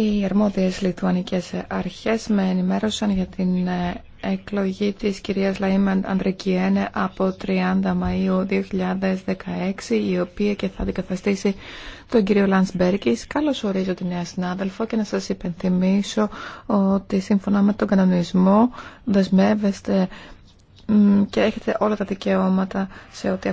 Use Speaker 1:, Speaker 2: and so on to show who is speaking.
Speaker 1: Οι αρμόδιες λιθουανικές αρχές με ενημέρωσαν για την ε, εκλογή της κυρίας Λαΐμαν Ανδρικιένε από 30 Μαΐου 2016, η οποία και θα αντικαταστήσει τον κύριο Μπέρκης. Καλώς ορίζω τη νέα συνάδελφο και να σας υπενθυμίσω ότι σύμφωνα με τον κανονισμό δεσμεύεστε και έχετε όλα τα δικαιώματα
Speaker 2: σε ό,τι